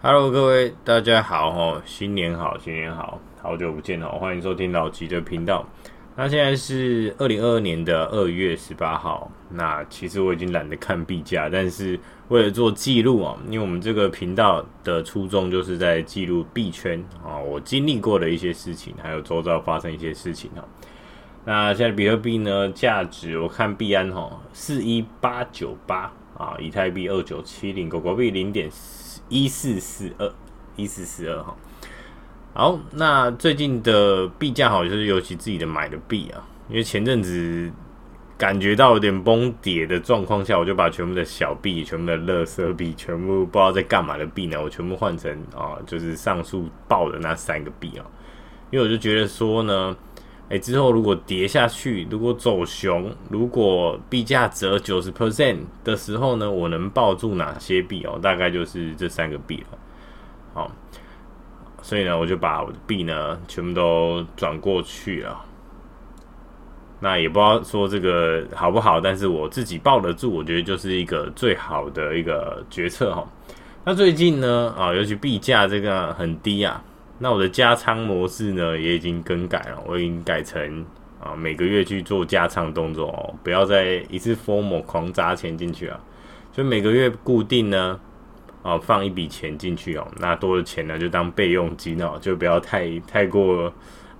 Hello，各位大家好哦。新年好，新年好，好久不見哦，歡迎收聽老吉的頻道。那現在是二零二二年的二月十八號。那其實我已經懶得看幣價，但是為了做記錄啊，因為我們這個頻道的初衷就是在記錄幣圈啊，我經歷過的一些事情，還有周遭發生一些事情。那現在比特幣呢，價值我看幣安哈四一八九八啊，41898, 以太幣二九七零，狗狗幣零點。一四四二，一四四二齁，好，那最近的幣價好，就是尤其自己的買的幣啊，因為前陣子感覺到有點崩跌的狀況下，我就把全部的小幣、全部的樂色幣、全部不知道在幹嘛的幣呢，我全部換成啊，就是上述報的那三個幣啊，因為我就覺得說呢。哎，之後如果跌下去，如果走熊，如果幣價折九十 percent 的時候呢，我能抱住哪些幣哦？大概就是這三個幣哦。好，所以呢，我就把我的幣呢全部都轉過去了。那也不知道說這個好不好，但是我自己抱得住，我覺得就是一個最好的一個決策哈、哦。那最近呢，啊、哦，尤其幣價這個很低啊。那我的加倉模式呢，也已經更改了。我已經改成啊，每個月去做加倉動作哦，不要再一次 FOMO 狂砸錢進去了。就每個月固定呢，啊，放一筆錢進去哦。那多的錢呢，就當備用金哦，就不要太太過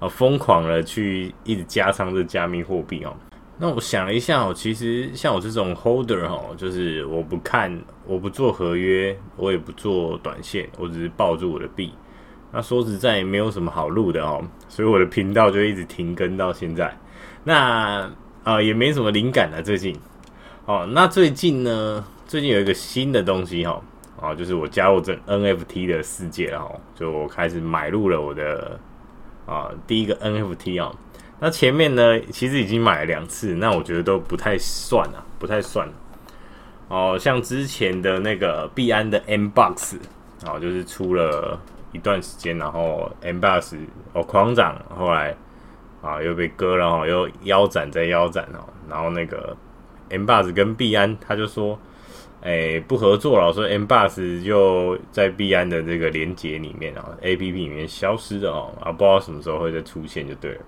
啊瘋狂的去一直加倉這加密貨幣哦。那我想了一下，哦，其實像我這種 holder 哦，就是我不看，我不做合約，我也不做短線，我只是抱住我的幣。那說實在也沒有什麼好錄的哦，所以我的頻道就一直停更到現在。那啊、呃、也沒什麼靈感了、啊、最近。哦，那最近呢，最近有一個新的東西哈、哦、啊、哦，就是我加入這 NFT 的世界了哈、哦，就我開始買入了我的啊、哦、第一個 NFT 啊、哦。那前面呢，其實已經買了兩次，那我覺得都不太算啊，不太算。哦，像之前的那個幣安的 Mbox 啊、哦，就是出了。一段時間，然後 Mbus 哦狂漲，後來啊又被割了，然、哦、後又腰斬再腰斬哦，然後那個 Mbus 跟幣安他就說，哎、欸、不合作了，所以 Mbus 就在幣安的這個連接裡面哦，APP 裡面消失了哦，啊不知道什麼時候會再出現就對了。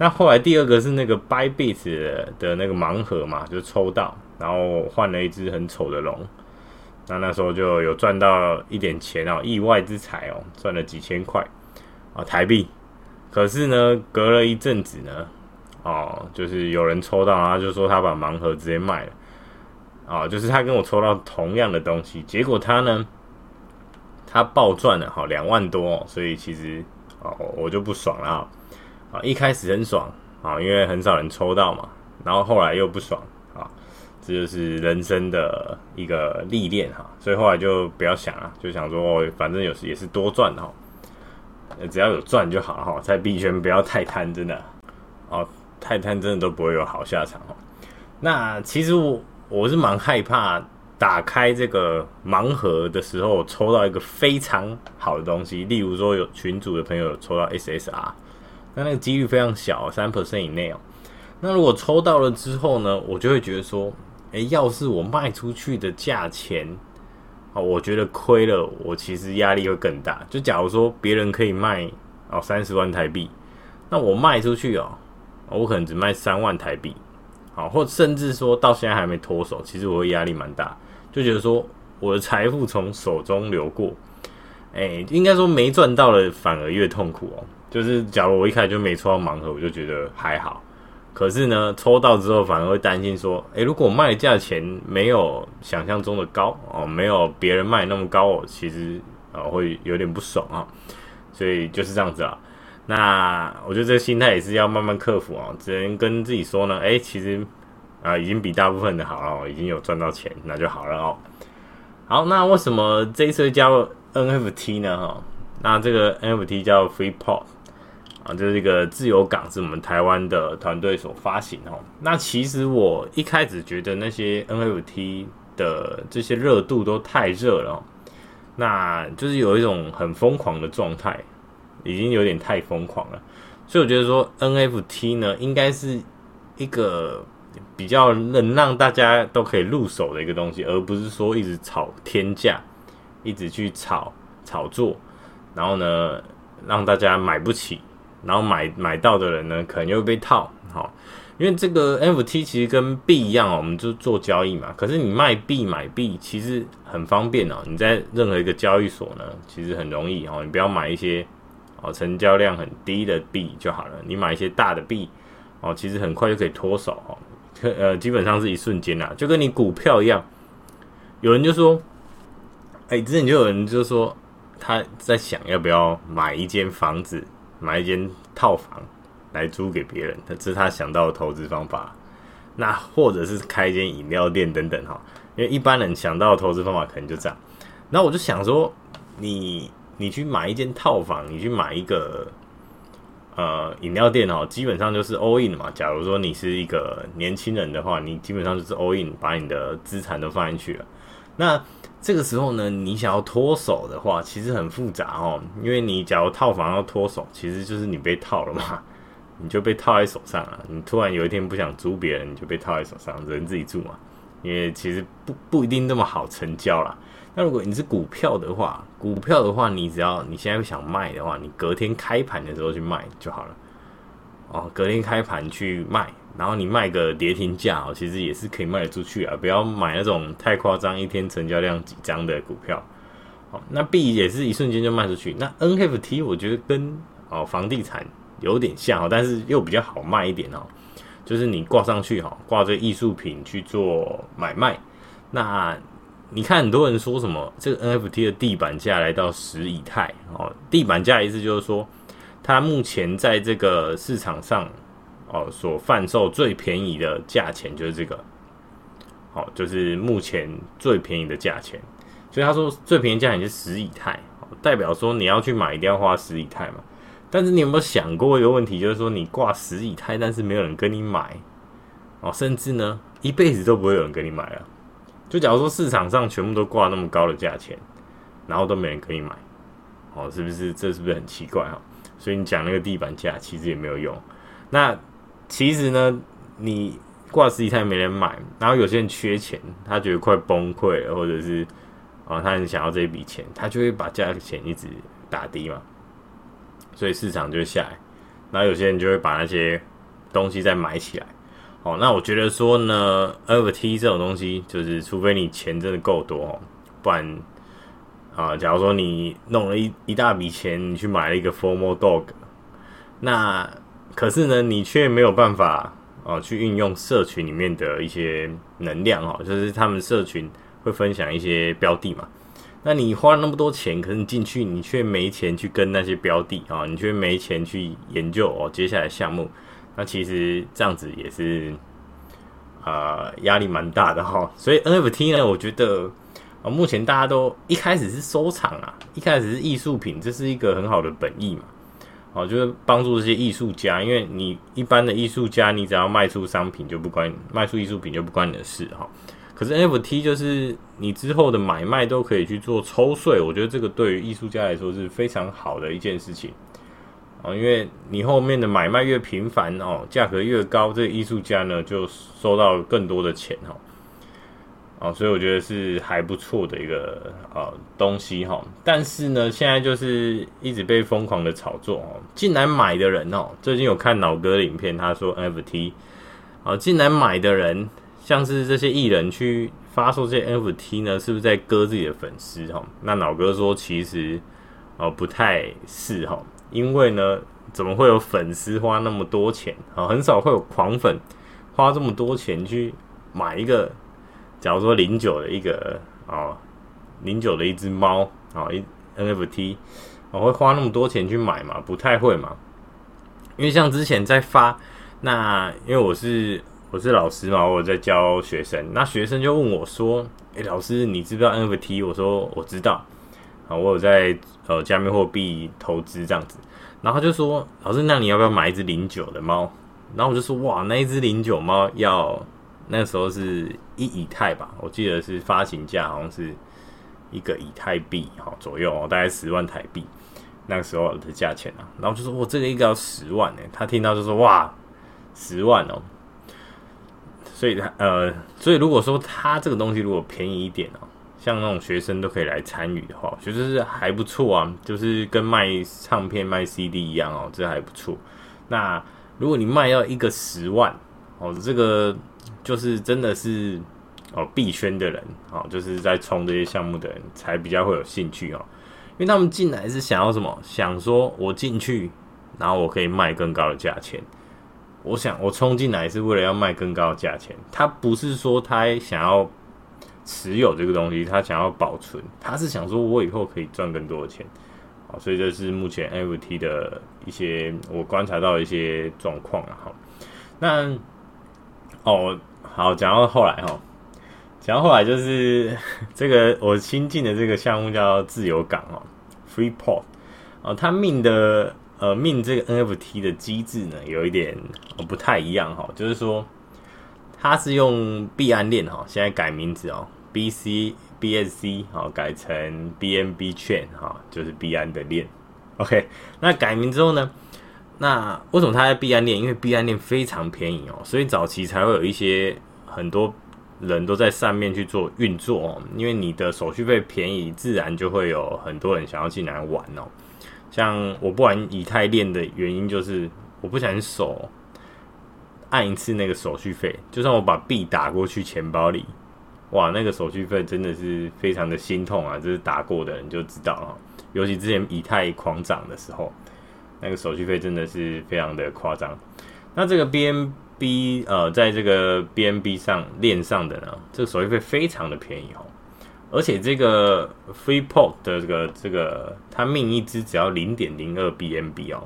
那後來第二個是那個 Bybit 的那個盲盒嘛，就抽到，然後換了一隻很醜的龍。那那時候就有賺到一點錢哦，意外之財哦，賺了幾千塊啊、哦、台幣。可是呢，隔了一陣子呢，哦，就是有人抽到，他就說他把盲盒直接賣了啊、哦，就是他跟我抽到同樣的東西，結果他呢，他爆賺了哈、哦，兩萬多、哦，所以其實哦，我就不爽了啊、哦，一開始很爽啊、哦，因為很少人抽到嘛，然後後來又不爽。這就是人生的一個歷練哈，所以後來就不要想了，就想說，哦，反正有時也是多賺哈，只要有賺就好哈，在幣圈不要太貪，真的哦，太貪真的都不會有好下場哦。那其實我我是蠻害怕打開這個盲盒的時候，我抽到一個非常好的東西，例如說有群主的朋友有抽到 SSR，那那個幾率非常小，三 percent 以內哦。那如果抽到了之後呢，我就會覺得說。誒、欸，要是我賣出去的價錢，啊，我覺得虧了，我其實壓力會更大。就假如說別人可以賣哦三十萬台幣，那我賣出去哦、喔，我可能只賣三萬台幣，啊，或甚至說到現在還沒脫手，其實我會壓力蠻大，就覺得說我的財富從手中流過，哎、欸，應該說沒賺到了，反而越痛苦哦、喔。就是假如我一開始就沒抽到盲盒，我就覺得還好。可是呢，抽到之後反而會擔心說，哎、欸，如果賣的價錢沒有想象中的高哦，沒有別人賣那麼高哦，其實啊、哦、會有點不爽啊、哦，所以就是這樣子啊。那我覺得這個心態也是要慢慢克服啊、哦，只能跟自己說呢，哎、欸，其實啊已經比大部分的好了、哦，已經有賺到錢，那就好了哦。好，那為什麼這一次叫 NFT 呢？哈，那這個 NFT 叫 Freeport 啊，就是這個自由港，是我們台灣的團隊所發行哦。那其實我一開始覺得那些 NFT 的這些熱度都太熱了哦，那就是有一種很瘋狂的狀態，已經有點太瘋狂了。所以我覺得說 NFT 呢，應該是一個比較能讓大家都可以入手的一個東西，而不是說一直炒天價，一直去炒炒作，然後呢讓大家買不起。然後買買到的人呢，可能就會被套，好、哦，因為這個 NFT 其實跟幣一樣哦，我們就做交易嘛。可是你賣幣買幣其實很方便哦，你在任何一個交易所呢，其實很容易哦。你不要買一些哦成交量很低的幣就好了，你買一些大的幣哦，其實很快就可以脫手哦，呃基本上是一瞬間啊，就跟你股票一樣。有人就說，哎、欸，之前就有人就說他在想要不要買一間房子。買一間套房來租給別人，這是他想到的投資方法。那或者是開一間飲料店等等哈，因為一般人想到的投資方法可能就這樣。那我就想說，你你去買一間套房，你去買一個呃飲料店哦，基本上就是 all in 嘛。假如說你是一個年輕人的話，你基本上就是 all in，把你的資產都放進去了。那這個時候呢，你想要脫手的話，其實很複雜哦，因為你假如套房要脫手，其實就是你被套了嘛，你就被套在手上了，你突然有一天不想租別人，你就被套在手上，只能自己住嘛。因為其實不不一定那麼好成交啦，那如果你是股票的話，股票的話，你只要你現在想賣的話，你隔天開盤的時候去賣就好了。哦，隔天開盤去賣。然後你賣個跌停價哦，其實也是可以賣得出去啊。不要買那種太誇張，一天成交量幾張的股票。好，那幣也是一瞬間就賣出去。那 NFT 我覺得跟哦房地產有點像哦，但是又比較好賣一點哦。就是你掛上去哈，掛這藝術品去做買賣。那你看很多人說什麼，這個 NFT 的地板價來到十以太哦。地板價意思就是說，它目前在這個市場上。哦，所販售最便宜的價錢就是這個，好，就是目前最便宜的價錢。所以他說最便宜價錢就是十以太，代表說你要去買一定要花十以太嘛。但是你有沒有想過一個問題，就是說你掛十以太，但是沒有人跟你買，哦，甚至呢一輩子都不會有人跟你買了。就假如說市場上全部都掛那麼高的價錢，然後都沒人跟你買，哦，是不是這是不是很奇怪啊？所以你講那個地板價其實也沒有用，那。其實呢，你掛十幾天也沒人買，然後有些人缺錢，他覺得快崩潰了，或者是啊、哦，他很想要這一筆錢，他就會把價錢一直打低嘛，所以市場就下來，然後有些人就會把那些東西再買起來。哦，那我覺得說呢，NFT 這種東西，就是除非你錢真的夠多哦，不然啊、呃，假如說你弄了一一大筆錢，你去買了一個 Formal Dog，那。可是呢，你卻沒有辦法啊、哦、去運用社群裡面的一些能量哦，就是他們社群會分享一些標的嘛。那你花那麼多錢，可是你進去你卻沒錢去跟那些標的啊、哦，你卻沒錢去研究哦，接下來項目。那其實這樣子也是啊，呃、壓力蠻大的哈、哦。所以 NFT 呢，我覺得啊、哦，目前大家都一開始是收藏啊，一開始是藝術品，這是一個很好的本意嘛。哦，就是幫助這些藝術家，因為你一般的藝術家，你只要賣出商品就不關，賣出藝術品就不關你的事哈，哦。可是 NFT 就是你之後的買賣都可以去做抽稅，我覺得這個對於藝術家來說是非常好的一件事情，哦，因為你後面的買賣越頻繁哦，價格越高，這個藝術家呢就收到更多的錢哦。啊，所以我覺得是還不錯的一個呃東西哈，但是呢，現在就是一直被瘋狂的炒作哦，進來買的人哦，最近有看老哥的影片，他說 NFT，啊進來買的人，像是這些藝人去發售這些 NFT 呢，是不是在割自己的粉絲哈？那老哥說其實哦不太是哈，因為呢，怎麼會有粉絲花那麼多錢啊？很少會有狂粉花這麼多錢去買一個。假如說零九的一個哦，零、呃、九的一隻貓啊，一、呃、NFT，我、呃、會花那麼多錢去買嘛？不太會嘛？因為像之前在發，那因為我是我是老師嘛，我有在教學生，那學生就問我說：“哎、欸，老師，你知不知道 NFT？” 我說：“我知道，呃、我有在呃加密貨幣投資這樣子。”然後他就說：“老師，那你要不要買一隻零九的貓？”然後我就說：“哇，那一隻零九貓要。”那時候是一以太吧，我記得是發行價好像是一個以太幣哈左右哦，大概十萬台幣那個時候的價錢啊。然後就說我這個一個要十萬呢、欸，他聽到就說哇十萬哦、喔，所以他呃，所以如果說他這個東西如果便宜一點哦、喔，像那種學生都可以來參與的話，其實是還不錯啊，就是跟賣唱片賣 CD 一樣哦、喔，這還不錯。那如果你賣要一個十萬哦、喔，這個。就是真的是哦，幣圈的人哦，就是在衝這些項目的人才比較會有興趣哦，因為他們進來是想要什麼？想說我進去，然後我可以賣更高的價錢。我想我衝進來是為了要賣更高的價錢，他不是說他想要持有這個東西，他想要保存，他是想說我以後可以賺更多的錢，所以這是目前 NFT 的一些我觀察到的一些狀況那……哦，好，講到後來哈、哦，講到後來就是這個我新進的這個項目叫自由港哦，Freeport 哦，它 mint 的呃 mint 這個 NFT 的機制呢有一點不太一樣哈、哦，就是說它是用幣安鏈哈、哦，現在改名字哦，BC BSC 哦改成 BNB Chain 哈、哦，就是幣安的鏈，OK，那改名之後呢？那為什麼它在幣安鏈？因為幣安鏈非常便宜哦，所以早期才會有一些很多人都在上面去做運作哦。因為你的手續費便宜，自然就會有很多人想要進來玩哦。像我不玩以太鏈的原因，就是我不想手按一次那個手續費，就算我把幣打過去錢包裡，哇，那個手續費真的是非常的心痛啊！這是打過的人就知道哈、哦，尤其之前以太狂漲的時候。那個手續費真的是非常的誇張，那這個 BNB 呃、，在這個 BNB 上鏈上的呢，這個手續費非常的便宜哦，而且這個 Freeport 的這個這個，它命一支只，只要零點零二 BNB 哦，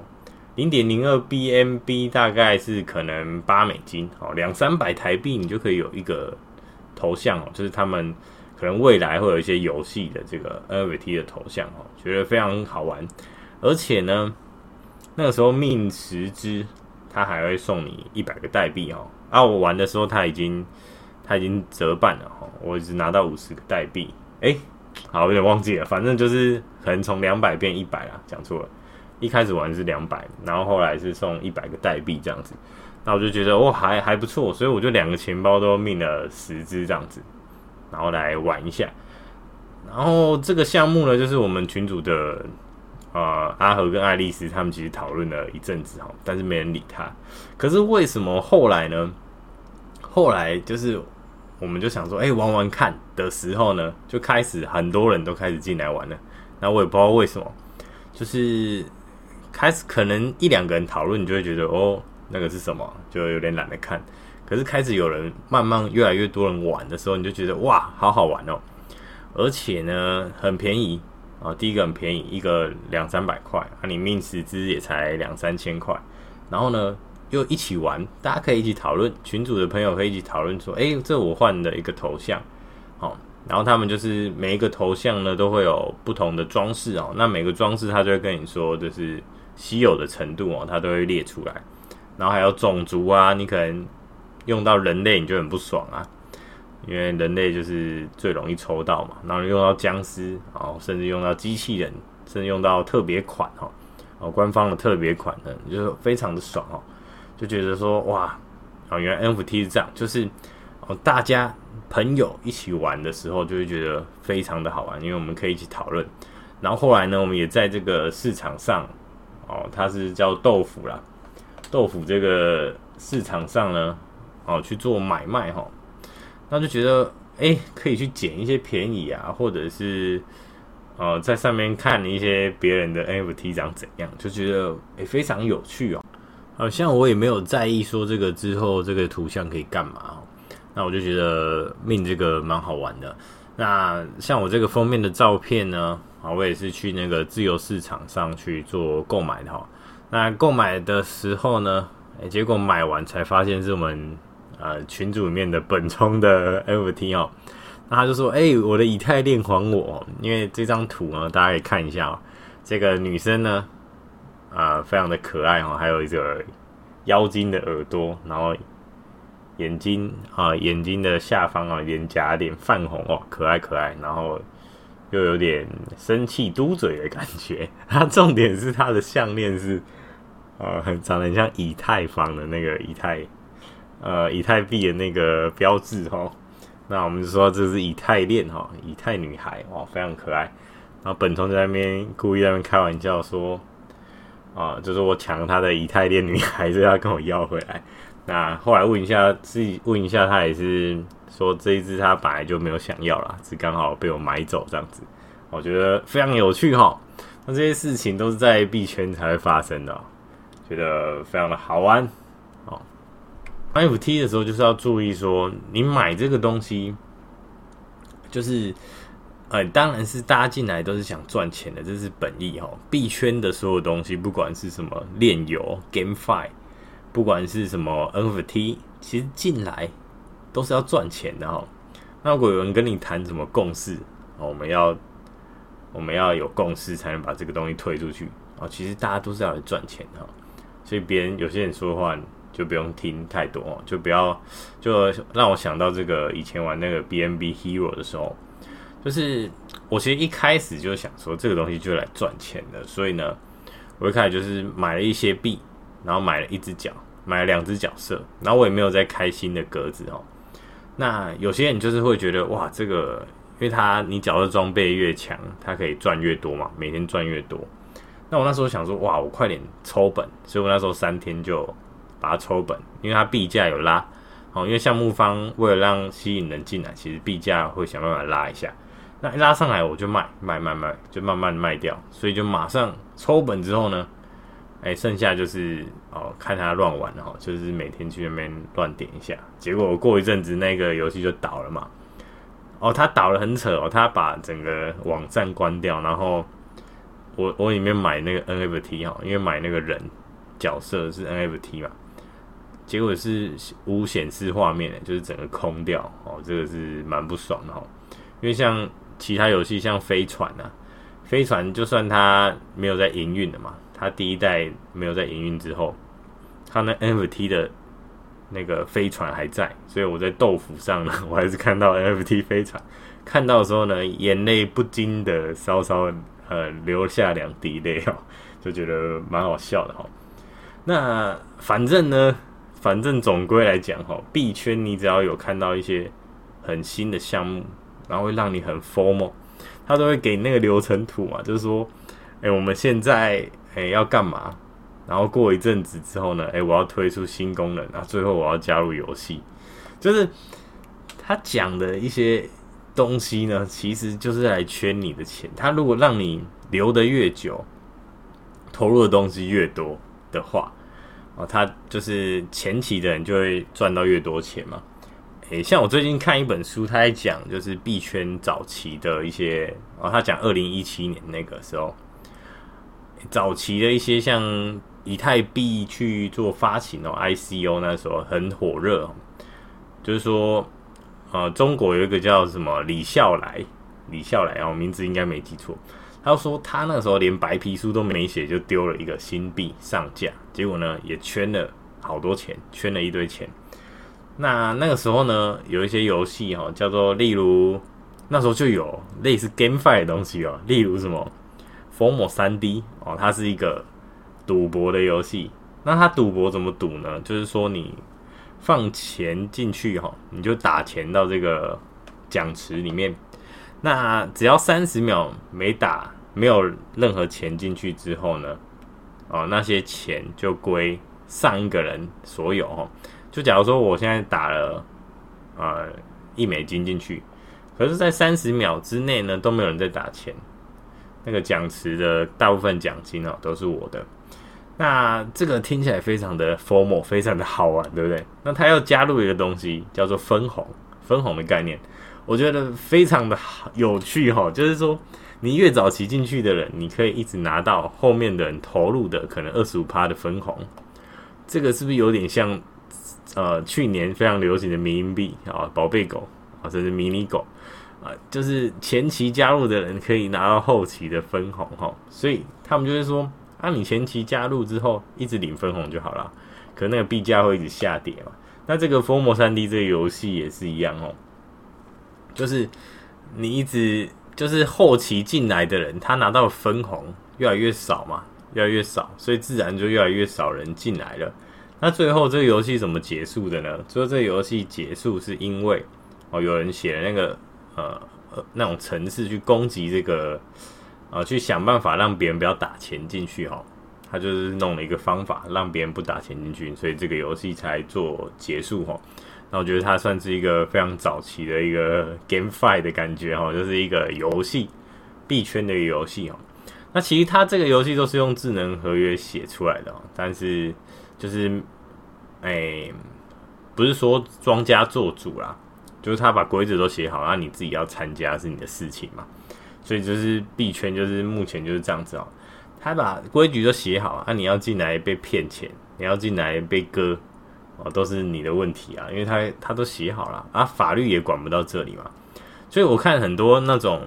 零點零二 BNB 大概是可能八美金哦，兩三百台幣你就可以有一個頭像哦，就是他們可能未來會有一些遊戲的這個 NFT 的頭像哦，覺得非常好玩，而且呢。那個時候命十隻，他還會送你一百個代幣哦。啊，我玩的時候他已經他已經折半了哈，我只拿到五十個代幣。哎、欸，好，有點忘記了，反正就是可能從兩百變一百啊，講錯了。一開始玩是兩百，然後後來是送一百個代幣這樣子。那我就覺得哦，還還不錯，所以我就兩個錢包都命了十隻這樣子，然後來玩一下。然後這個項目呢，就是我們群主的。啊、呃，阿和跟愛麗絲他們其實討論了一陣子哈，但是沒人理他。可是為什麼後來呢？後來就是我們就想說，哎、欸，玩玩看的時候呢，就開始很多人都開始進來玩了。那我也不知道為什麼，就是開始可能一兩個人討論，你就會覺得哦，那個是什麼，就有點懶得看。可是開始有人慢慢越來越多人玩的時候，你就覺得哇，好好玩哦，而且呢，很便宜。啊，第一個很便宜，一個兩三百塊，啊，你 mint 十隻也才兩三千塊，然後呢又一起玩，大家可以一起討論，群組的朋友可以一起討論說，誒、欸，這我換的一個頭像，哦。然後他們就是每一個頭像呢都會有不同的裝飾哦，那每個裝飾他就會跟你說，就是稀有的程度哦，他都會列出來，然後還有種族啊，你可能用到人類你就很不爽啊。因為人類就是最容易抽到嘛，然後用到僵屍哦，甚至用到機器人，甚至用到特別款哈哦，官方的特別款的，就是非常的爽哦，就覺得說，哇，原來 NFT 是這樣，就是哦，大家朋友一起玩的時候，就會覺得非常的好玩，因為我們可以一起討論。然後後來呢，我們也在這個市場上哦，它是叫豆腐啦，豆腐這個市場上呢哦，去做買賣哈。那就覺得，欸、可以去撿一些便宜啊，或者是，呃，在上面看一些別人的 NFT 長怎樣，就覺得哎、欸、非常有趣哦。好像我也沒有在意說這個之後這個圖像可以幹嘛，那我就覺得命這個蠻好玩的。那像我這個封面的照片呢，啊，我也是去那個自由市場上去做購買的哈。那購買的時候呢，哎、欸，結果買完才發現是我們。呃，群組裡面的本聰的 NFT 哦，那他就說：“哎、欸，我的以太鏈還我！”因為這張圖呢，大家可以看一下哦。這個女生呢，啊、呃，非常的可愛哦，還有一個妖精的耳朵，然後眼睛啊、呃，眼睛的下方啊、哦，臉頰有點泛紅哦，可愛可愛，然後又有點生氣嘟嘴的感覺。他重點是他的項鏈是呃很長得很像以太坊的那個以太。呃，以太幣的那個標誌吼，那我們就說這是以太鏈哈，以太女孩哇，非常可愛。然後本聰在那邊故意在那邊開玩笑說，啊、呃，就是我搶他的以太鏈女孩子要跟我要回來。那後來問一下自己，問一下他也是說這一隻他本來就沒有想要啦，只剛好被我買走這樣子。我覺得非常有趣哈，那這些事情都是在幣圈才會發生的，覺得非常的好玩。NFT 的時候，就是要注意說，你買這個東西，就是，呃當然是大家進來都是想賺錢的，這是本意哈。幣圈的所有東西，不管是什麼鏈遊、GameFi，不管是什麼 NFT，其實進來都是要賺錢的哈。那如果有人跟你談什麼共識，我們要，我們要有共識才能把這個東西推出去啊。其實大家都是要來賺錢的哈，所以別人有些人說的話。就不用聽太多，就不要，就讓我想到這個以前玩那個 BNB Hero 的時候，就是我其實一開始就想說這個東西就來賺錢的，所以呢，我一開始就是買了一些幣，然後買了一只腳，買了兩只角色，然後我也沒有再開新的格子哦。那有些人就是會覺得哇，這個因為它你角色裝備越強，它可以賺越多嘛，每天賺越多。那我那時候想說哇，我快點抽本，所以我那時候三天就。把它抽本，因為它幣價有拉。哦，因為項目方為了讓吸引人進來，其實幣價會想辦法拉一下。那一拉上來我就賣，賣賣賣，就慢慢賣掉。所以就馬上抽本之後呢，哎，剩下就是哦，看它亂玩，然後就是每天去那邊亂點一下。結果我過一陣子那個遊戲就倒了嘛。哦，它倒了很扯哦，它把整個網站關掉，然後我我裡面買那個 NFT 哈，因為買那個人角色是 NFT 嘛。結果是無顯示畫面，就是整個空掉哦，這個是蠻不爽的哈。因為像其他遊戲，像飛船啊，飛船就算它沒有在營運的嘛，它第一代沒有在營運之後，它那 NFT 的那個飛船還在，所以我在豆腐上呢，我還是看到 NFT 飛船，看到的時候呢，眼淚不禁的稍稍呃流下兩滴淚哦，就覺得蠻好笑的哈，哦。那反正呢。反正總歸來講，哈，幣圈你只要有看到一些很新的項目，然後會讓你很 FOMO，他都會給你那個流程圖嘛，就是說，哎、欸，我們現在哎、欸、要幹嘛？然後過一陣子之後呢，哎、欸，我要推出新功能，啊，最後我要加入遊戲，就是他講的一些東西呢，其實就是來圈你的錢。他如果讓你留得越久，投入的東西越多的話。哦，他就是前期的人就會賺到越多錢嘛。誒、欸，像我最近看一本書，他在講就是幣圈早期的一些哦，他講二零一七年那個時候，早期的一些像以太幣去做發行哦，ICO 那時候很火熱，哦。就是說，呃，中國有一個叫什麼李笑來，李笑來哦，名字應該沒記錯。他說他那個時候連白皮書都沒寫，就丟了一個新幣上架，結果呢也圈了好多錢，圈了一堆錢。那那個時候呢，有一些遊戲哈，叫做例如那時候就有類似 GameFi 的東西哦、喔，例如什麼 FOMO 3D 哦、喔，它是一個賭博的遊戲。那它賭博怎麼賭呢？就是說你放錢進去哈、喔，你就打錢到這個獎池裡面，那只要三十秒沒打。沒有任何錢進去之後呢，哦，那些錢就歸上一個人所有哦。就假如說我現在打了呃一美金進去，可是，在三十秒之內呢，都沒有人在打錢，那個獎池的大部分獎金哦，都是我的。那這個聽起來非常的 FOMO，非常的好玩，對不對？那他又加入一個東西叫做分紅，分紅的概念，我覺得非常的好有趣哈、哦，就是說。你越早騎進去的人，你可以一直拿到後面的人投入的可能二十五趴的分紅，這個是不是有點像呃去年非常流行的民營幣啊，寶貝狗啊，這是迷你狗啊，就是前期加入的人可以拿到後期的分紅哈，所以他們就會說啊，你前期加入之後一直領分紅就好了，可那個幣價會一直下跌嘛？那這個 FOMO 3D 這個遊戲也是一樣哦，就是你一直。就是後期進來的人，他拿到分紅越來越少嘛，越來越少，所以自然就越來越少人進來了。那最後這個遊戲怎麼結束的呢？說這個遊戲結束是因為哦，有人寫了那個呃那種程式，去攻擊這個啊、呃，去想辦法讓別人不要打錢進去哈、哦。他就是弄了一個方法讓別人不打錢進去，所以這個遊戲才做結束哈。哦。那我覺得它算是一個非常早期的一個 GameFi 的感覺哈，就是一個遊戲，幣圈的一個遊戲哦。那其實它這個遊戲都是用智能合約寫出來的，但是就是哎、欸，不是說莊家做主啦，就是他把規則都寫好，那你自己要參加是你的事情嘛。所以就是幣圈就是目前就是這樣子哦，他把規矩都寫好，那、啊、你要進來被騙錢，你要進來被割。哦，都是你的問題啊，因為他他都寫好了啊，法律也管不到這裡嘛。所以我看很多那種，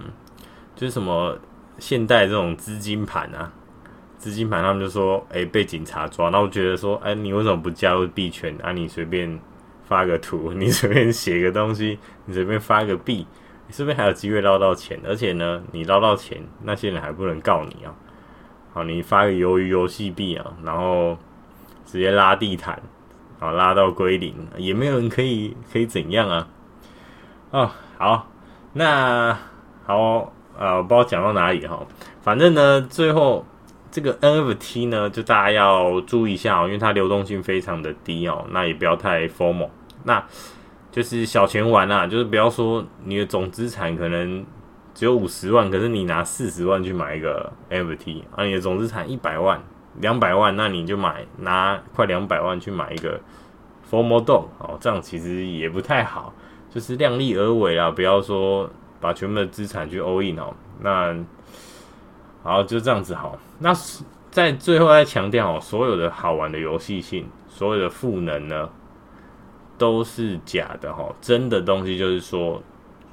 就是什麼現代這種資金盤啊，資金盤他們就說，哎、欸，被警察抓。那我覺得說，哎、欸，你為什麼不加入幣圈？啊，你隨便發個圖，你隨便寫個東西，你隨便發個幣，你是不是還有機會撈到錢。而且呢，你撈到錢，那些人還不能告你啊。好，你發個魷魚遊戲幣啊，然後直接拉地毯。好，拉到歸零，也沒有人可以可以怎樣啊？哦，好，那好、哦，呃，我不知道講到哪裡哈、哦，反正呢，最後這個 NFT 呢，就大家要注意一下哦，因為它流動性非常的低哦，那也不要太 FOMO，那就是小錢玩啊，就是不要說你的總資產可能只有五十萬，可是你拿四十萬去買一個 NFT，而、啊、你的總資產一百萬。兩百萬，那你就買拿快兩百萬去買一個 f o r m o l d o 哦，這樣其實也不太好，就是量力而為啦，不要說把全部的資產去 all in 哦。那，好就這樣子好。那在最後再強調哦，所有的好玩的遊戲性，所有的賦能呢，都是假的哦，真的東西就是說，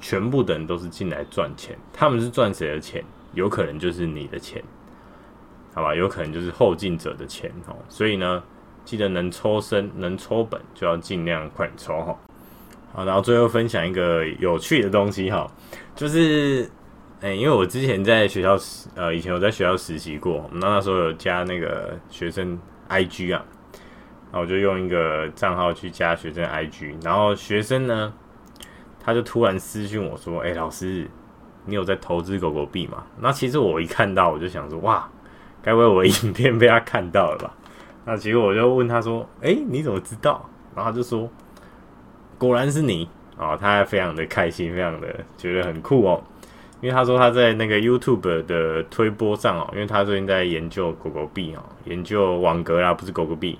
全部的人都是進來賺錢，他們是賺誰的錢？有可能就是你的錢。好吧，有可能就是後進者的錢哦，所以呢，記得能抽身、能抽本就要盡量快抽哈。好，然後最後分享一個有趣的東西哈，就是哎、欸，因為我之前在學校呃，以前我在學校實習過，那那時候有加那個學生 IG 啊，然後我就用一個賬號去加學生 IG，然後學生呢，他就突然私訊我說：“哎、欸，老師，你有在投資狗狗幣嗎？”那其實我一看到我就想說：“哇！”該不會我影片被他看到了吧？那結果我就問他說：“誒、欸，你怎麼知道？”然後他就說：“果然是你哦，他還非常的開心，非常的覺得很酷哦，因為他說他在那個 YouTube 的推播上哦，因為他最近在研究狗狗幣哦，研究網格啦，不是狗狗幣，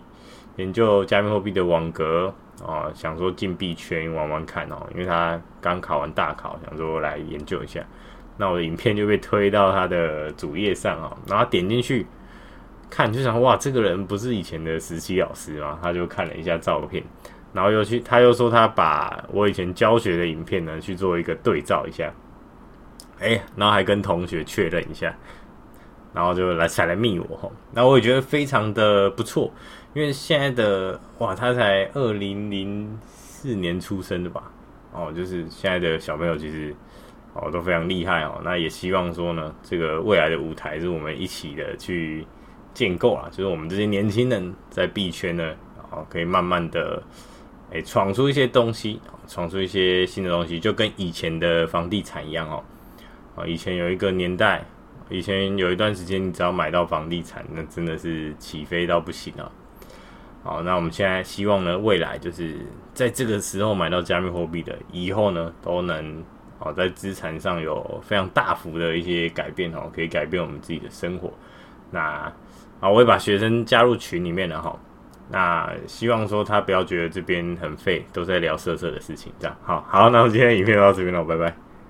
研究加密貨幣的網格哦，想說進幣圈玩玩看哦，因為他剛考完大考，想說來研究一下。那我的影片就被推到他的主頁上啊、哦，然後點進去看，就想哇，這個人不是以前的實習老師嗎？他就看了一下照片，然後又去，他又說他把我以前教學的影片呢去做一個對照一下，哎呀，然後還跟同學確認一下，然後就來下來密我吼、哦，那我也覺得非常的不錯，因為現在的哇，他才二零零四年出生的吧？哦，就是現在的小朋友其實。哦，都非常厲害哦。那也希望說呢，這個未來的舞台是我們一起的去建構啊。就是我們這些年輕人在幣圈呢，哦，可以慢慢的，誒、欸、闖出一些東西，闖出一些新的東西，就跟以前的房地產一樣哦。啊，以前有一個年代，以前有一段時間，你只要買到房地產，那真的是起飛到不行了、啊。好，那我們現在希望呢，未來就是在這個時候買到加密貨幣的，以後呢，都能。哦，在資產上有非常大幅的一些改變哦，可以改變我們自己的生活。那啊，我會把學生加入群裡面的哈。那希望說他不要覺得這邊很廢，都在聊色色的事情這樣。好好，那我今天影片就到這邊了，拜拜。